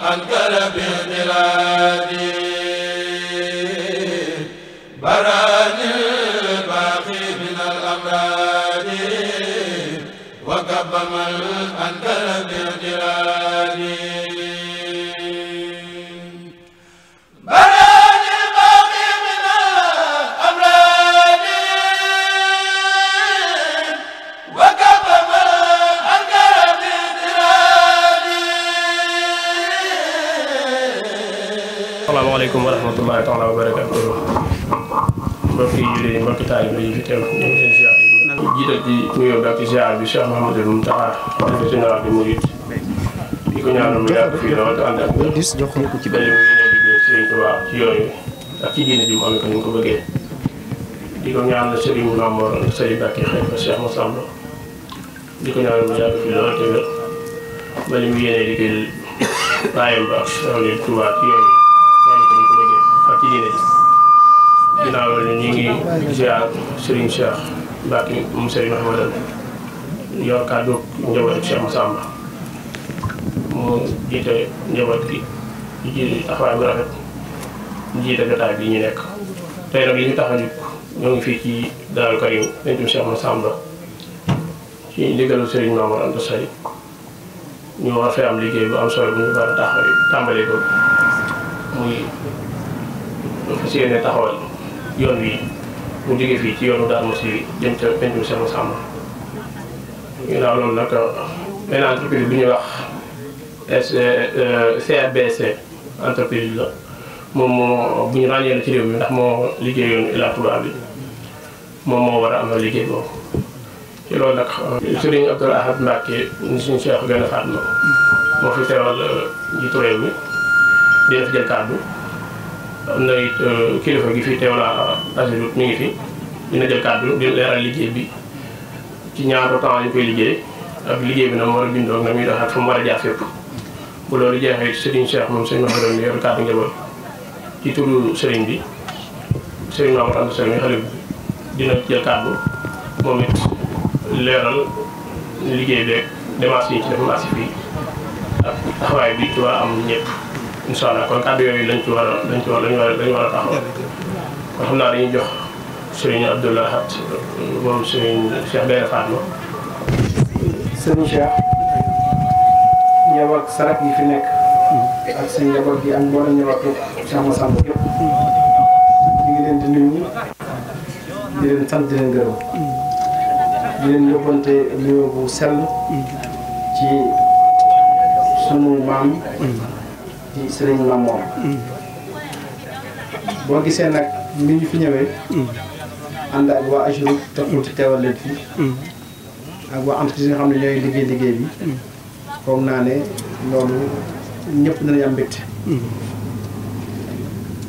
أنكر بانقلاب Thiam ñu ngi leen ziar di jiital ci nuyoo bi ak ci ziar bi Cheikh Mouhamadou Mountakha xalifa général bi Mouride di ko ñaanal mu yàgg fii lool te ànd ak ñoom dañu yéene liggéey Serigne Touba ci yooyu ak ci diine ji mu amee ko ni mu ko bëggee di ko ñaanal Serigne Mamor Serigne Bakki xalifa Cheikh Massamba di ko ñaanal mu yàgg fii lool te wér ba li mu yéene liggéey bàyyam ba ak Serigne Touba ci yooyu moom ko bëggee ak ci diine ji ginnaaw loolu ñu ngi ziar Serigne Cheikh Mbacke moom Serigne Mahamadan yor kàddu njaboot Cheikh Massamba mu jiite njaboot gi di ji taxawaay jiite jotaay bi ñu nekk tey nag li ñu tax a ñoo ngi fii ci Daaru Karim pentum Cheikh Massamba ci ndigalu Serigne Mamour Anta Sali ñu war fee am liggéey bu am solo bu ñu war a taxawee tàmbalee ko muy fas taxawal yoon wi mu jógee fii ci yoonu Darou si jëm ca pencum Cheikh Moussa Amar ginnaaw loolu nag benn entreprise bu ñuy wax CRBC euh, entreprise la moom moo bu ñu ràññee la ci réew mi ndax moo liggéeyoon Ila Touba bi moom moo war a amal liggéey boobu ci loolu nag euh, Serigne Abdoul Ahad Mbacke ni suñu Cheikh gën a faat moo fi teewal euh, jiitu réew mi dina fi jël kàddu am na it euh, kilifa gi fi teew la Ageroute mi ngi fi dina jël kàddu dina leeral liggéey bi ci ñaata na mu war a bindoo na muy dox ak a jaar fépp bu loolu jeexee bi ak taxawaay bi ci waa am ñëpp. soo allah kon kàddu yooyu lañ ci war a war lañ war a xam naa dañuy jox sëriñ Abdoulaye Hat moom sëriñ Cheikh Baye Fatma. sëriñ Cheikh yow ak sarak yi fi nekk. ak seen njaboot gi ak mboolem njaboot yëpp Cheikh Massamba yëpp. ñu leen di nuyu di leen sant di leen gërëm. leen yóbbante nuyoo sell. ci sunu maam. di sëriñ Mam Mor boo gisee nag ni ñu fi ñëwee ànd ak waa ajur te pour teewal leen fi ak waa entreprise nga xam ne ñooy liggéey liggéey bi foog naa ne loolu ñépp dinañ am mbégte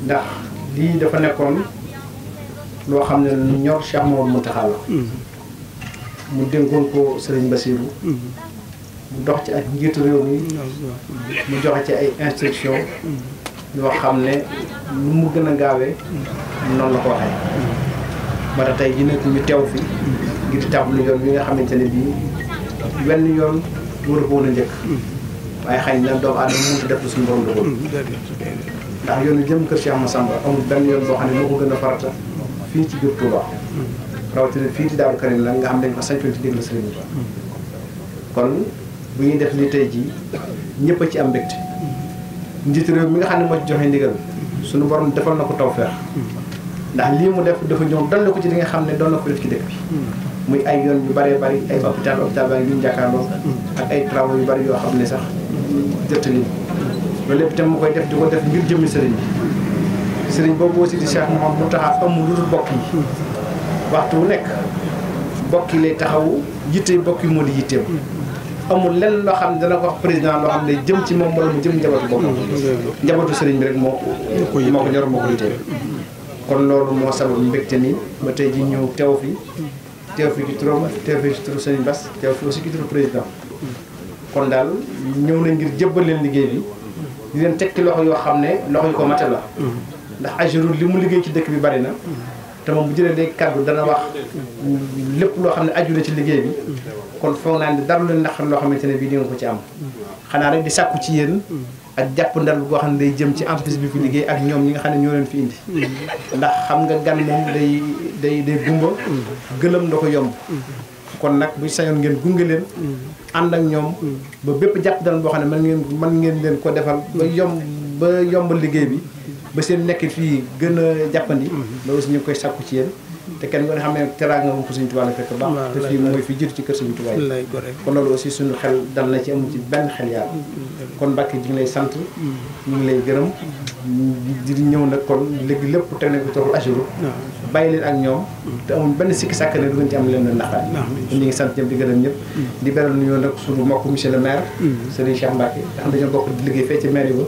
ndax lii dafa nekkoon loo xam ne ñor Cheikh Mamadou Mountakha la mu dénkoon ko sëriñ Bassirou mu dox ci ak njiitu réew mi mu joxe ci ay instruction yoo xam ne nu mu gën a gaawee noonu la ko ne ba tax tey ji nag ñu teew fi ngir tàmbali yoon bi nga xamante ne bii wenn yoon waru ko woon a njëkk waaye xëy na doomu aadama mënut a def lu suñu borom dogal ndax yoonu jëm kër Cheikh Massamba amul benn yoon boo xam ne moo ko gën a farata fii ci biir Touba rawatina fii ci Daaru Karim la nga xam ne dañ ko sañtoon ci déglu sëriñ bi kon bu ñuy def li tey jii ñëpp ci am mbégte njiitu réew mi nga xam ne moo ci joxe ndigal suñu borom defal na ko tawfeex ndax lii mu def dafa ñëw doon na ko ci li nga xam ne doon na ko def ci dëkk bi muy ay yoon ay hôpital hôpital baa ngi ñu yu bëri yoo xam ne sax jottali loolu lépp itam koy def di ko def ngir jëmmi sëriñ bi sëriñ boobu aussi di Cheikh moom mu taxaa amul lu dul bokk yi waxtu wu nekk bokk yi lay taxawu yitte bokk yi moo di yitteem amul lenn loo xam ne dana ko wax président loo xam ne jëm ci moom wala mu jëm njabootu boppam. Mm-hmm. Mm-hmm. njabootu sëriñ bi rek moo ko moo ko ñor moo ko yitee mm-hmm. kon loolu moo sabab mbégte nii ba tey ji ñëw teew fi teew fi ci turam teew fi ci turu sëriñ Bass teew fi aussi kon daal ñëw na ngir jëbbal leen liggéey bi di leen tekki loxo yoo xam ne loxo yu ko mate la ndax Ageroute li mu liggéey ci dëkk bi bari na te moom bu jëlee léegi kàddu dana wax lépp loo xam ne aju na ci liggéey bi kon foog naa ne dara leen naqar loo xamante ne bii di nga ko am xanaa rek di sàkku ci yéen ak jàpp ndal boo xam ne day jëm ci entreprise bi liggéey ak ñoom ñi nga xam ne ñoo leen fi indi ndax xam nga gan moom day day day gumba gëlëm da ko yomb kon nag bu sañoon ngeen gunge leen ànd ak ñoom ba bépp jàpp dal boo xam ne mën ngeen mën ngeen leen ko defal ba yomb ba yombal liggéey bi ba seen nekk fii gën a jàppandi mhm. loolu aussi ñu ngi koy sàkku ci yéen te kenn nga xam ne teraanga moom ko suñu tubaab la fekk baax te fii mooy fi jiitu ci kër suñu tubaab xel dal na ci amul ci benn xel yàlla mhm, mhm. kon Mbàkke ñu ngi sant ñu ngi lay gërëm di ñëw nag kon léegi lépp teg nañ ko toxul ajuru bàyyi leen ak ñoom te amul benn sikki sàkk ne du ngeen ci am leen na naqar ñu ngi sant ñëpp di gërëm ñëpp di beral nuyoo nag suñu mbokk monsieur le maire Serigne Cheikh Mbacke nga xam dañoo bokk di liggéey fee ci maire yi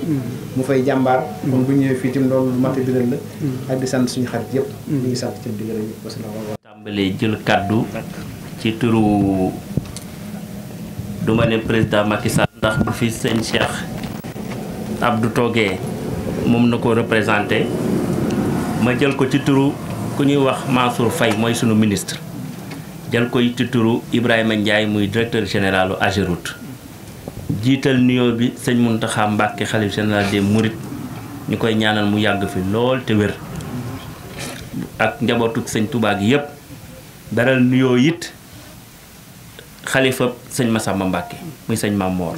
mu fay jàmbaar. Mm. kon bu ñëwee fii itam loolu lu mat a biral la. Mm. ak sant suñu xarit yëpp. ñu mm. ngi sant ci di gërëm yëpp wasalaamaaleykum. jël kaddu ci turu du ma ne président Macky Sall ndax bu fi sëñ Cheikh du toogee moom na ko représenté ma jël ko ci turu ku ñuy wax Mansour fay mooy sunu ministre jël ko ci turu Ibrahima Ndiaye muy directeur général u Ageroute. jiital nuyoo bi sëñ Muntaxa Mbàkke xalif général des murit ñu koy ñaanal mu yàgg fi lool te wér ak njabootug sëñ Tuubaa gi yépp daral nuyoo it xalifa sëñ Masamba Mbàkke muy sañ Maam Moor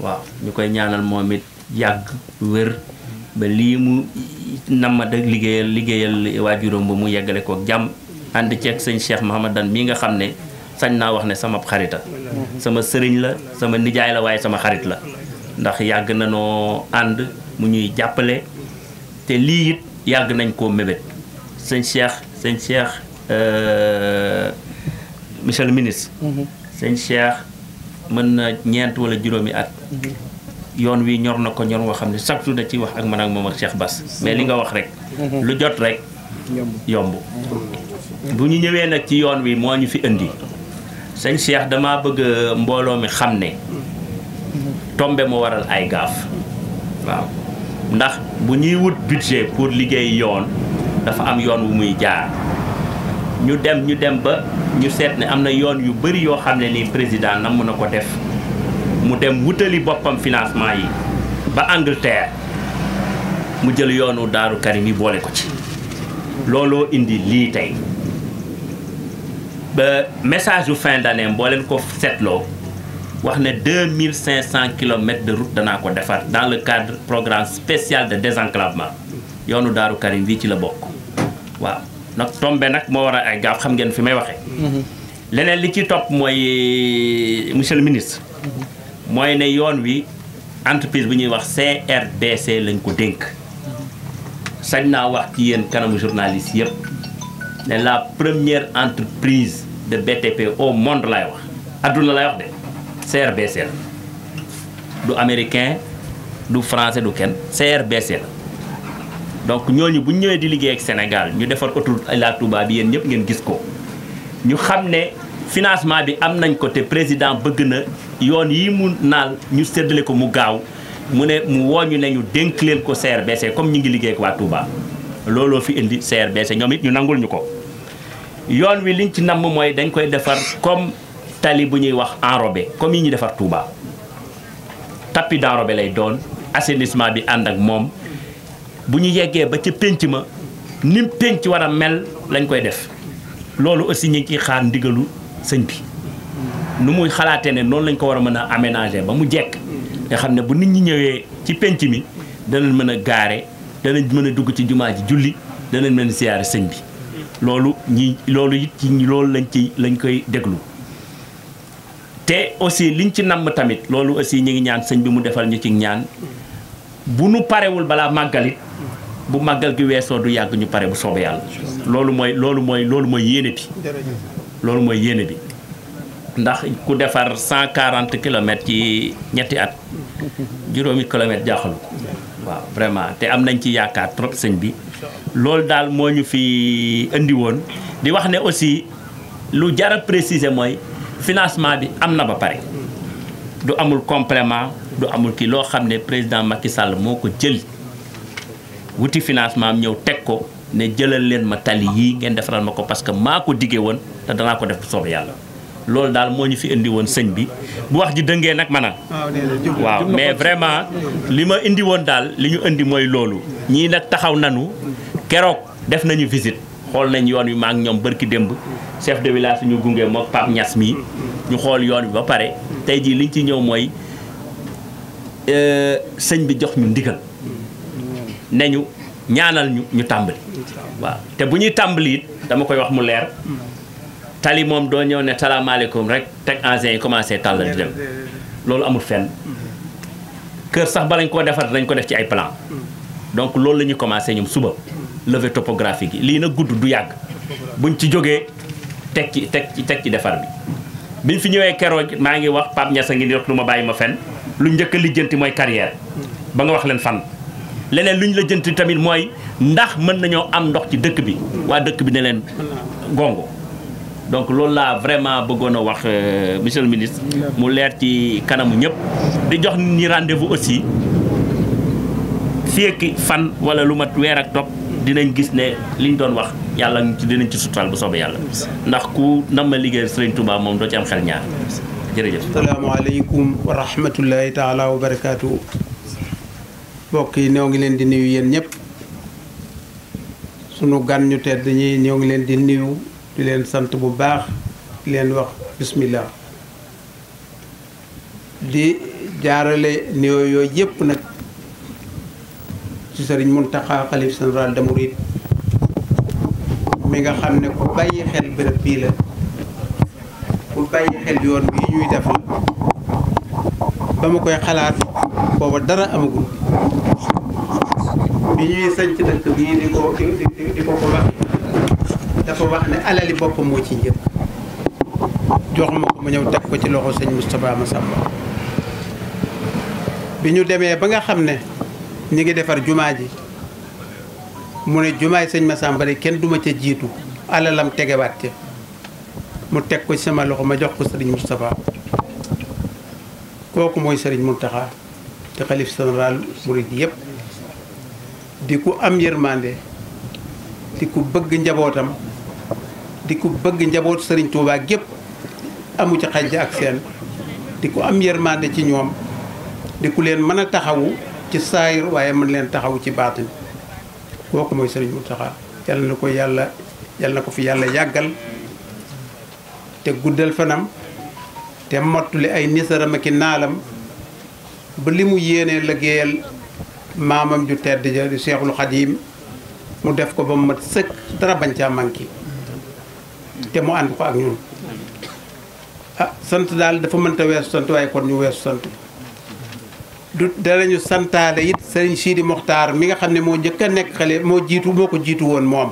waaw ñu koy ñaanal moom it yàgg wér ba lii mu nam ma da liggéeyal liggéeyal waajuram ba mu yeggalee ko jàmm ànd ceeg sëñ Cheikh Mahamadan mii nga xam ne sañ naa wax ne sama xarita sama sëriñ la sama nijaay la waaye sama xarit la ndax yàgg na noo ànd mu ñuy jàppale te lii it yàgg nañ koo mébét sëñ Cheikh sëñ Cheikh euh, monsieur le ministre sëñ Cheikh mën na ñeent wala juróomi at yoon wi ñor na ko ñor woo xam ne chaque jour da ciy wax ak man ak moom ak Cheikh Bass mais li nga wax rek lu jot rek yomb bu ñu ñëwee nag ci yoon wi moo ñu fi indi sëñ Cheikh dama bëgg mbooloo mi xam ne tombe moo waral ay gaaf waaw ndax bu ñuy wut budget pour liggéey yoon dafa am yoon wu muy jaar ñu dem ñu dem ba ñu seet ni am na yoon yu bëri yoo xam ne ni président nam mën a ko def mu dem wutali boppam financement yi ba Angleterre mu jël yoonu Daaru Karim yi boole ko ci looloo indi lii tey ba message yu fin d'année boo leen ko seetloo wax ne 2500 kilomètres de route danaa ko defar dans le cadre programme spécial de désenclavement yoonu Daaru Karim bii ci la bokk waaw nag tombé nag moo war a ay gaaf xam ngeen fi may waxee. Mhm. leneen li ci topp mooy monsieur ministre. Mhm. mooy ne yoon wi entreprise bu ñuy wax CRDC lañ ko dénk. sañ naa wax ci yéen kanamu journaliste yëpp ne la première entreprise de BTP au monde lay wax adduna la wax de CRBC la du américain du français du kenn CRBC la donc ñooñu bu ñu ñëwee di liggéey ak Sénégal ñu defar autoroute Ila Touba bi yéen ñëpp ngeen gis ko ñu xam ne financement bi am nañ ko te président bëgg na yoon yi mu naal ñu séddale ko mu gaaw mu ne mu wooñu ne ñu dénk leen ko CRBC comme ñu ngi liggéey ak waa Touba looloo fi indi CRBC ñoom it ñu nangul ñu ko. yoon wi liñ ci namm mooy dañ koy defar comme tali bu ñuy wax enrobe comme yi ñuy defar Touba tapis d'enrobé lay doon assainissement bi ànd ak moom bu ñu yeggee ba ca pénc ma ni pénc war a mel lañ koy def loolu aussi ñu ngi ciy xaar ndigalu sëñ bi nu muy xalaatee ne noonu lañ ko war a mën a aménager ba mu jekk nga xam ne bu nit ñi ñëwee ci pénc mi danañ mën a gaare danañ mën a dugg ci jumaa ji julli danañ mën a siyaare sëñ bi loolu ñi loolu it ci loolu lañ ci lañ koy déglu te aussi liñ ci namm tamit loolu aussi ñu ngi ñaan sëñ bi mu defal ñu ci ñaan bu nu parewul balaa màggalit bu màggal gi weesoo du yàgg ñu pare bu soobee yàlla loolu mooy loolu mooy loolu mooy yéene bi loolu mooy yéene bi ndax ku defar cent quarante kilomètres ci ñetti at juróomi kilomètres jaaxalu waaw vraiment te am nañ ci yaakaar trop sëñ bi loolu daal moo ñu fi indi woon di wax ne aussi lu jara a préciser mooy financement bi am na ba pare du amul complément du amul kii loo xam ne président Macky Sall moo ko jël wuti financement am ñëw teg ko ne jëlal leen ma tali yii ngeen defaral ma ko parce que maa ko diggee woon te danaa ko def bu soobee yàlla loolu daal moo ñu fi indi woon sëñ bi bu wax ji dëngee nag man a ah, waaw mais vraiment li ma indi woon daal li ñu indi mooy loolu ñii nag taxaw nanu keroog def nañu visite xool nañ yoon wi maak ñoom bërki démb chef de village ñu gungee mook Pape Niass mii ñu xool yoon wi ba pare tey jii liñ ci ñëw mooy euh, sëñ bi jox ñu ndigal ne ñu ñaanal ñu ñu tàmbali waaw te bu ñuy tàmbali dama koy wax mu leer tali moom doo ñëw ne salaamaaleykum rek teg engins yi commencé tàll di dem loolu amul fen mm-hmm. kër sax ba lañ koo defar dañ ko def ci ay plan mm-hmm. donc loolu lañuy ñu commencé ñoom suba mm-hmm. levée topographique yi lii na gudd du yàgg buñ ci jógee teg ci teg ci teg ci defar bi biñ fi ñëwee keroog maa ngi wax Pape Niass ngi wax lu ma bàyyi ma fen lu njëkk lijjanti mooy carrière ba nga wax leen fan leneen lu ñu la jënti tamit mooy ndax mën nañoo am ndox ci dëkk bi waa dëkk bi ne leen gongo donc loolu laa vraiment bëggoon a wax euh, monsieur le ministre mu leer ci kanamu ñëpp di jox nit ñi rendez aussi fii ak fan wala lu mat weer ak topp dinañ gis ne li ñu doon wax yàlla ci dinañ ci sutural bu soobee yàlla ndax ku nam ma liggéey Serigne Touba moom doo ci am xel ñaar jërëjëf salaamaaleykum wa rahmatullahi taala wa barakaatu mbokk yi ñoo ngi leen di nuyu yéen ñëpp sunu gan ñu tedd ñi ñoo ngi leen di nuyu di leen sant bu baax di leen wax bismillah di jaarale néew yooyu yëpp nag ci sëriñ Muntaxa xalif général des mourides mi nga xam ne ku bàyyi xel bërëb bii la ku bàyyi xel yoon bii ñuy def la ba ma koy xalaat booba dara amagul bi ñuy sanc dëkk bii di ko di ko ko dafa wax ne alali boppam moo ci njëkk jox ma ko mu ñëw teg ko ci loxo sëñ Moustapha Massamba bi ñu demee ba nga xam ne ñu ngi defar jumaa ji mu ne jumaay sëñ Massamba kenn duma ca jiitu alalam tegewaat ca mu teg ko ci sama loxo ma jox ko sëriñ Moustapha kooku mooy sëriñ Mountakha te xalif général murid yépp di ku am yërmande di ku bëgg njabootam di ku bëgg njaboot sëriñ Touba gépp amu ci xaj ak seen di ku am yërmande ci ñoom di ku leen mën a taxawu ci saayir waaye mën leen taxawu ci baatin kooku mooy sëriñ Mountakha yal na ko yàlla yal na ko fi yàlla yàggal te guddal fanam te mottuli ay nisaram ak i naalam ba li mu yéenee liggéeyal maamam ju tedd ja di Seexul Xadiim mu def ko ba mu mat sëkk dara bañ caa manqué te mu ànd ko ak ñun a ah, sant daal dafa mënta weesu sant waaye kon ñu weesu sant du danañu santaale it sëriñ Sidi Mokhtar mi nga xam ne moo njëkk a nekk xale moo jiitu ko jiitu woon moom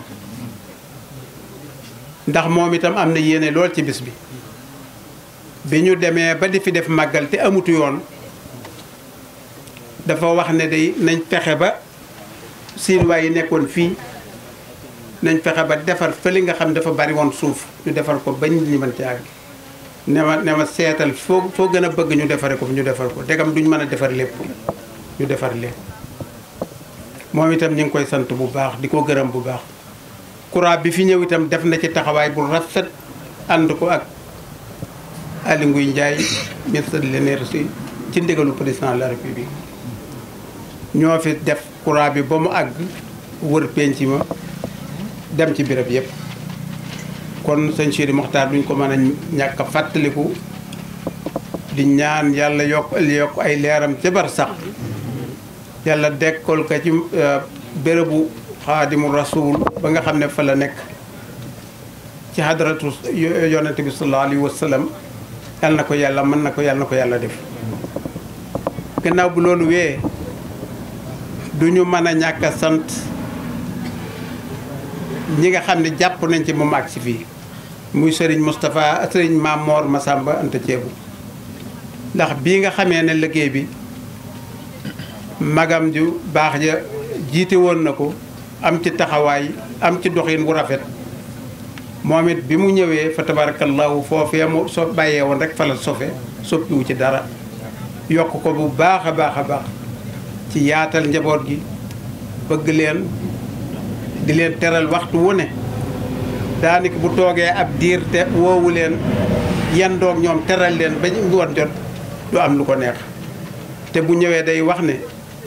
ndax moom itam am na yéene lool ci bis bi bi ñu demee ba di fi def màggal te amutu yoon dafa wax ne day nañ fexe ba siin waay yi nekkoon fii nañ fexe ba defar fële nga xam dafa bari woon suuf ñu defar ko bañ ñu mën ci àgg ne ma ne ma seetal foo foo gën a bëgg ñu defare ko ñu defar ko degam duñ mën a defar lépp ñu defar lépp moom itam ñu ngi koy sant bu baax di ko gërëm bu baax courant bi fi ñëw itam def na ci taxawaay bu rafet ànd ko ak Aly Ngouille Ndiaye ministre de l'énergie ci ndigalu président de la république ñoo fi def courant bi ba mu àgg wër penc ma dem ci béréb yëpp kon sëñ Sidi duñ ko mën a ñàkk fàttaliku di ñaan yàlla yokk yokk ay leeram ca sax yàlla dekkal ko ci euh, bérébu xaadimu rasul ba nga xam ne fa la nekk ci hadaratu yonente bi sallallahu alayhi yàlla na ko yàlla mën na ko yàlla na ko yàlla def gannaaw bu loolu wee duñu mën a ñàkk sant ñi nga xam ne jàpp nañ ci moom ak si fii muy sëriñ Moustapha sëriñ Maam Mor Masamba Anta Ceebu ndax bii nga xamee ne liggéey bi magam ju baax ja jiite woon na ko am ci taxawaay am ci doxin wu rafet moom it bi mu ñëwee fa tabarakallahu foofee mu so bàyyee woon rek fa sofe soppiwu ci dara yokk ko bu baax a baax a baax ci yaatal njaboot gi bëgg leen di leen teral waxtu wu ne daanaka bu toogee ab diir te woowu leen yan doog ñoom teral leen ba ngoon jot am lu ko neex te bu ñëwee day wax ne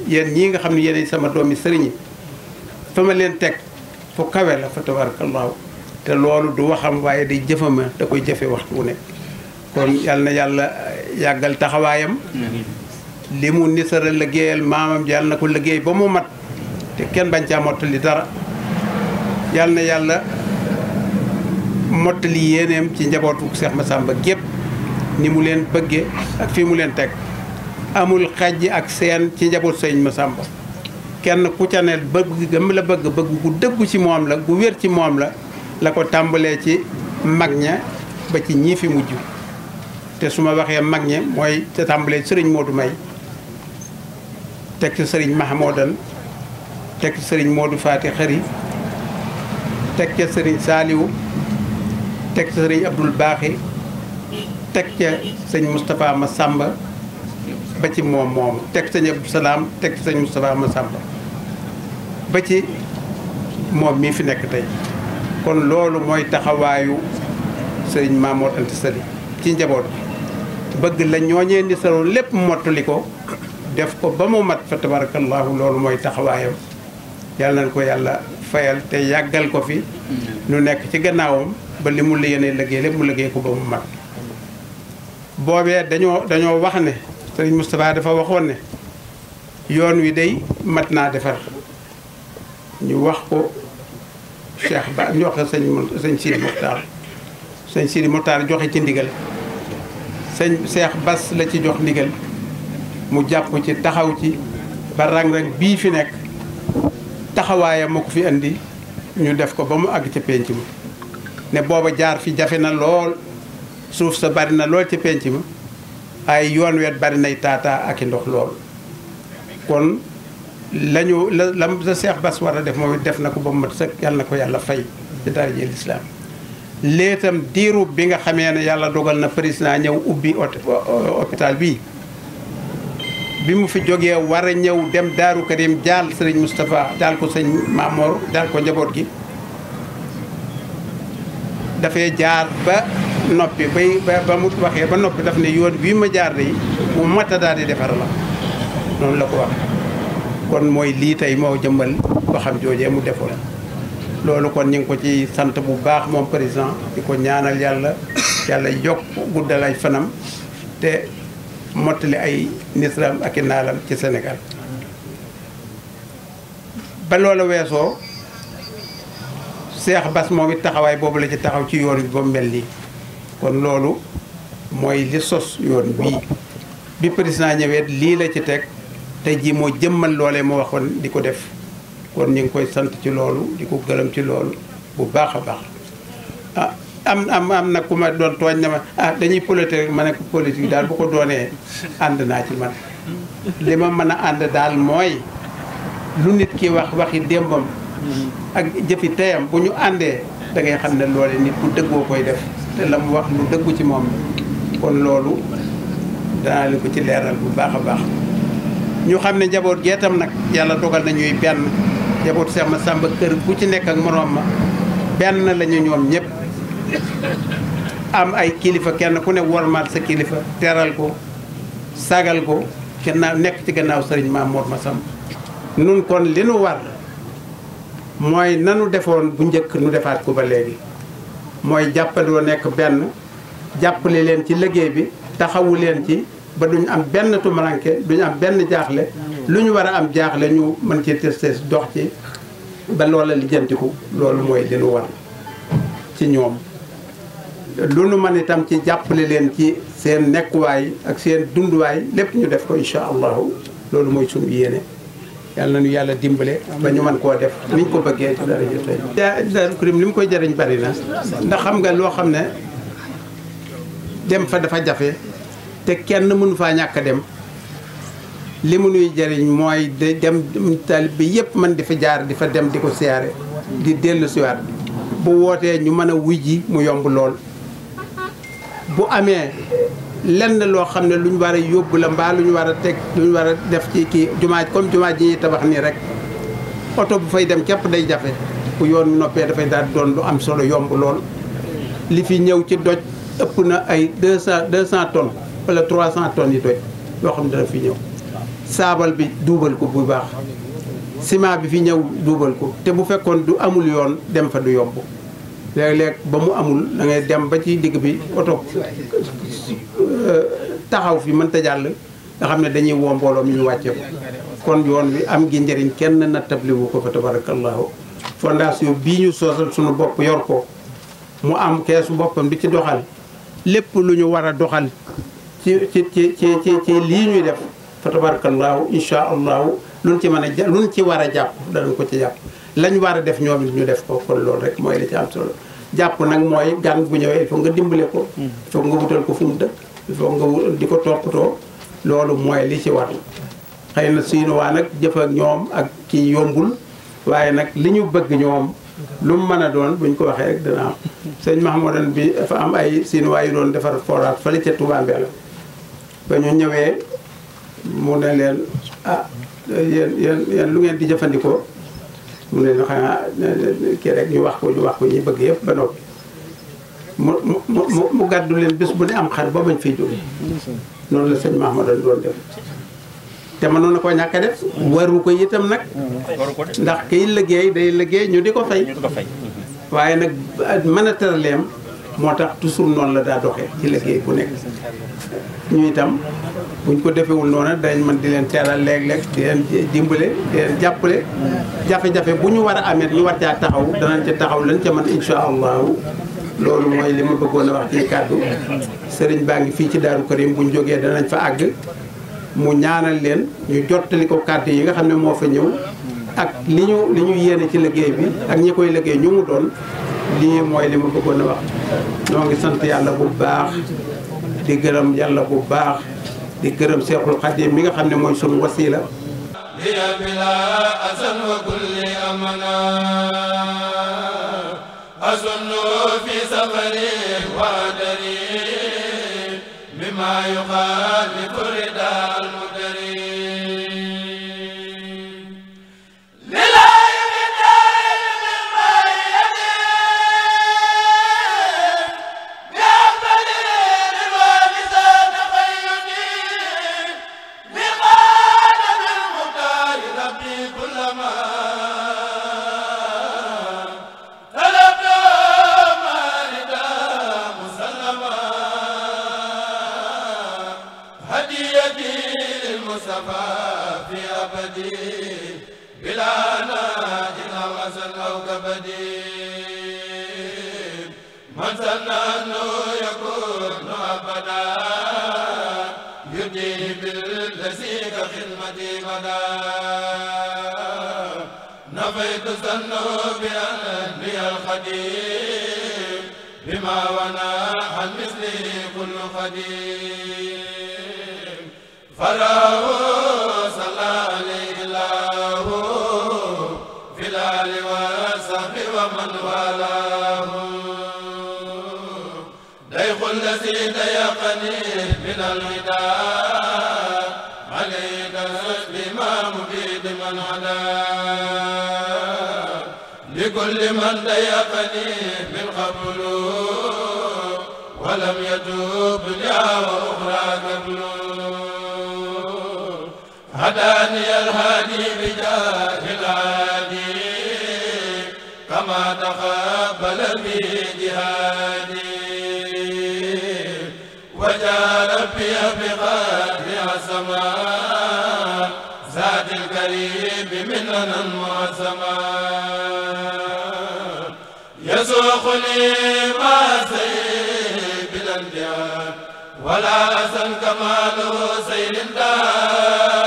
yéen ñii nga xam ne yéen sama doomi sëriñ yi fa ma leen teg fu kawe la fa tabarakallahu te loolu du waxam waaye day jëfama da koy jëfe waxtu wu ne kon yal na yàlla yàggal taxawaayam li mu nisara liggéeyal maamam yàlla na ko liggéey ba mu mat te kenn bañ caa mottali dara yàlla na yàlla mottali yéeneem ci njabootu ma Massamba gépp ni mu leen bëgge ak fi mu leen teg amul xajj ak seen ci njabootu sëñ Massamba kenn ku ca ne bëgg la bëgg bëgg gu dëggu ci moom la gu wér ci moom la la ko tàmbalee ci mag ña ba ci ñii fi mujj te su ma waxee mag ña mooy te tàmbalee sëriñ du May teg ci sëriñ Mahamoodan teg ci sëriñ du Faati Xëri teg ca sëriñ Saaliwu teg ca sëriñ Abdul Baaxi teg ca sëñ Moustapha sàmba ba ci moom moomu teg sëñ Abdou Salaam teg ci sëñ ma Massamba ba ci moom mii fi nekk tey kon loolu mooy taxawaayu sëriñ Maamoor Anta Sali ci njaboot bëgg la ñooñee ni solo lépp mottali ko def ko ba mu mat fa tabarakallahu loolu mooy taxawaayam yàlla na ko yàlla fayal te yàggal ko fi mm-hmm. nu nekk ci gannaawam ba li mu yéene liggéey lépp mu liggéey ku ba mu mat boobee dañoo dañoo wax ne sëriñ Moustapha dafa waxoon ne yoon wi day mat naa defar ñu wax ko Cheikh Ba ñu wax ko sëñ sëñ Sidi Mokhtar joxe ci ndigal sëñ Cheikh bas la ci jox ndigal mu jàpp ci taxaw ci ba rang-rang bii fi nekk taxawaayam moo ko fi indi ñu def ko ba mu àgg ca pénc ma ne booba jaar fi jafe na lool suuf sa bari na lool ca penc ma ay yoon weet bari nay taataa ak i ndox lool kon lañu la la la Seex Bas war a def moom def na ko ba mu mat sëkk yàlla na ko yàlla fay ci daraje lislaam léetam diiru bi nga xamee ne yàlla dogal na naa ñëw ubbi hôpital bii bi mu fi jógee war a ñëw dem Daaru Karim jaal sëriñ Moustapha jaal ko sëñ Mamor jaal ko njaboot gi dafay jaar ba noppi bay ba mu waxee ba noppi daf ne yoon bii ma jaar day mu mata daal di defar la noonu la ko wax kon mooy lii tey moo jëmbal waxam joojee mu defoon loolu kon ñu ngi ko ci sant bu baax moom président di ko ñaanal yàlla yàlla yokk guddal ay fanam te mottali ay nisram ak i naalam ci senegal ba loola weesoo Cheikh Bass moom it taxawaay boobu la ci taxaw ci yoon bi ba mel nii kon loolu mooy li sos yoon bii bi président ñëwee lii la ci teg te ji moo jëmmal loole mu waxoon di ko def kon ñu ngi koy sant ci loolu di ko gërëm ci loolu bu baax a baax ah, am am am na ku ma doon tooñ ne ma ah dañuy politique rek ma ne ko politique daal bu ko doonee ànd naa ci man li ma mën a ànd daal mooy lu nit ki wax waxi démbam ak jëfi teyam bu ñu àndee dangay xam ne loole nit ku dëggoo koy def te la mu wax lu dëggu ci moom kon loolu danaa li ko ci leeral bu baax a baax ñu xam ne njaboot tam nag yàlla dogal na ñuy benn njaboot Seex Masàmba kër bu ci nekk ak moroom ma benn lañu ñoom ñëpp am ay kilifa kenn ku ne wormaal sa kilifa teral ko sagal ko gannaaw nekk ci gannaaw sëriñ maam Mor Masam nun kon li nu war mooy nanu defoon bu njëkk nu defaat ko ba léegi mooy jàppaloo nekk benn jàppale leen ci liggéey bi taxawu leen ci ba duñ am benn tumaranke duñ am benn jaaxle lu ñu war a am jaaxle ñu mën ci testes dox ci ba loola lijjantiku loolu mooy li nu war ci ñoom lu nu mën itam ci jàppale leen ci seen nekkuwaay ak seen dunduwaay lépp ñu def ko incha allahu loolu mooy sunu yéene yàlla na ñu yàlla dimbale ba ñu mën koo def ni ñu ko bëggee ci dara jotee. Daaru Karim li mu koy jëriñ bari ndax xam nga loo xam ne dem fa dafa jafe te kenn mënu faa ñàkk a dem li mu nuy jëriñ mooy de dem talib bi yëpp mën di jaar di fa dem di ko siyaare di dellu siwaat bu wootee ñu mën a wuy ji mu yomb lool bu amee lenn loo xam ne lu ñu war a yóbbu la mbaa lu ñu war a teg lu ñu war a def ci kii jumaa comme jumaa ji ñuy tabax nii rek oto bu fay dem képp day jafe bu yoon noppee dafay daal doon lu am solo yomb lool li fi ñëw ci doj ëpp na ay deux cent deux cent tonnes wala trois cent tonnes yi doj yoo xam ne fi ñëw saabal bi duubal ko bu baax ciment bi fi ñëw duubal ko te bu fekkoon du amul yoon dem fa du yomb léeg-léeg ba mu amul da ngay dem ba ci digg bi oto euh, taxaw fi mënta jàll nga xam ne dañuy woo mbooloo mi ñu wàcce ko kon yoon bi am gi njëriñ kenn na tabli wu ko fa tabarakallahu fondation bii ñu soosal suñu bopp yor ko mu am keesu boppam di ci doxal lépp lu ñu war a doxal ci ci ci ci ci lii ñuy def fa tabarakallahu insha allahu luñ ci mën a luñ ci war a jàpp danañ ko ci jàpp lañ war a def ñoom ñu def ko kon loolu rek mooy li ci am solo jàpp nag mooy gan bu ñëwee il nga dimbale ko. il faut nga wutal ko fu mu dëkk. il nga wutal di ko toppatoo loolu mooy li ci war xëy na suñu waa nag jëf ñoom ak kii yombul waaye nag li ñu bëgg ñoom. lu mën a doon buñ ko waxee rek dana am sëñ Mahmoudane bi dafa am ay Sinuwaa yu doon defar forage fële ca Touba Mbella ba ñu ñëwee mu ne leen ah yéen yéen lu ngeen di jëfandikoo mu ne ñu xanaa kii rek ñu wax ko ñu wax ko ñu bëgg yëpp ba noppi mu mu mu mu gàddu leen bés bu ne am xar ba bañ fiy jógee. noonu la sëñ Mahmoudane doon def. te noon na ko ñàkk def. waru ko itam nag. ndax kiy liggéey day liggéey ñu di ko fay. waaye nag mën a tëraleem moo tax toujours noonu la daa doxee ci liggéey bu nekk. ñu itam buñ ko defewul noonu dañ man di leen teeral léeg-léeg di dimbale leen jàppale jafe-jafe bu ñu war a amee ñu war caa taxaw danañ ca taxaw lañ ca mën insha allahu loolu mooy li ma bëggoon a wax ci kàddu sëriñ baa ngi fii ci Daaru Karim ñu jógee danañ fa àgg mu ñaanal leen ñu jottali ko kàddu yi nga xam ne moo fa ñëw ak li ñu li ñu yéene ci liggéey bi ak ñi koy liggéey ñu mu doon lii mooy li ma bëggoon a wax ñoo ngi sant yàlla bu baax di gërëm yàlla bu baax di gërëm Seexul Xadiim mi nga xam ne mooy sunu wasiila أظن في سفري وادري بما يخالف رداء man walaahu dayxu lasi dayaqani min alwida malayka limam bid man ada likulli man dayaqani min qablu walam yatub ya wa uxra qablu hadani alhadi bijaa تقبل بي جهادي وجاء ربي بقدر عزما زاد الكريم مننا معزما يسوق لي ما سيب الانبياء ولا سن كمال سيد الله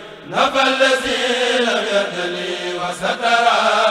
نفى الذي لم يدني وسترى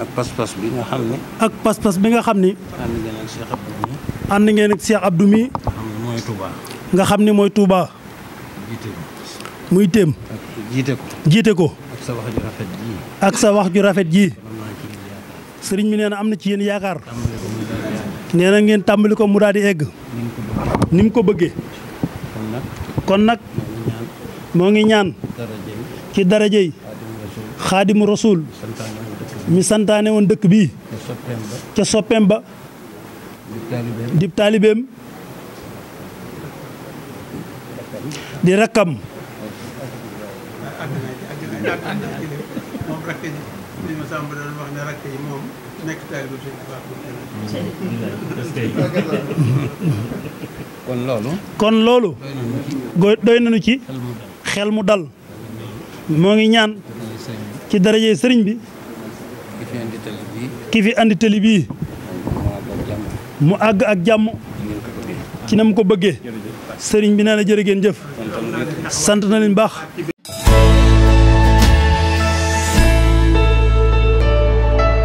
ak pas-pas bi nga xam ne. ak nga xam ni. ànd ngeen ak seex ab mi. mi. nga xam ne mooy Touba. jiite muy téem. jiite ko. jiite ko. ak sa wax ju rafet ji. sëriñ mi nee am na ci yéen yaakaar. nee na ngeen tàmbali ko mu daal di egg. ni ko bëggee. kon nag. moo ngi ñaan. ci daraje yi. xaadimu rasul. mi santaane woon dëkk bii ca soppeem ba di di rakkam kon loolu. doy nañu ci xel mu dal. moo ngi ñaan. ci daraje sëriñ bi. ki fi andi tëli bi mu àgg ak jàmm ci na ko bëggee sëriñ bi nee na jërë ngeen jëf sant na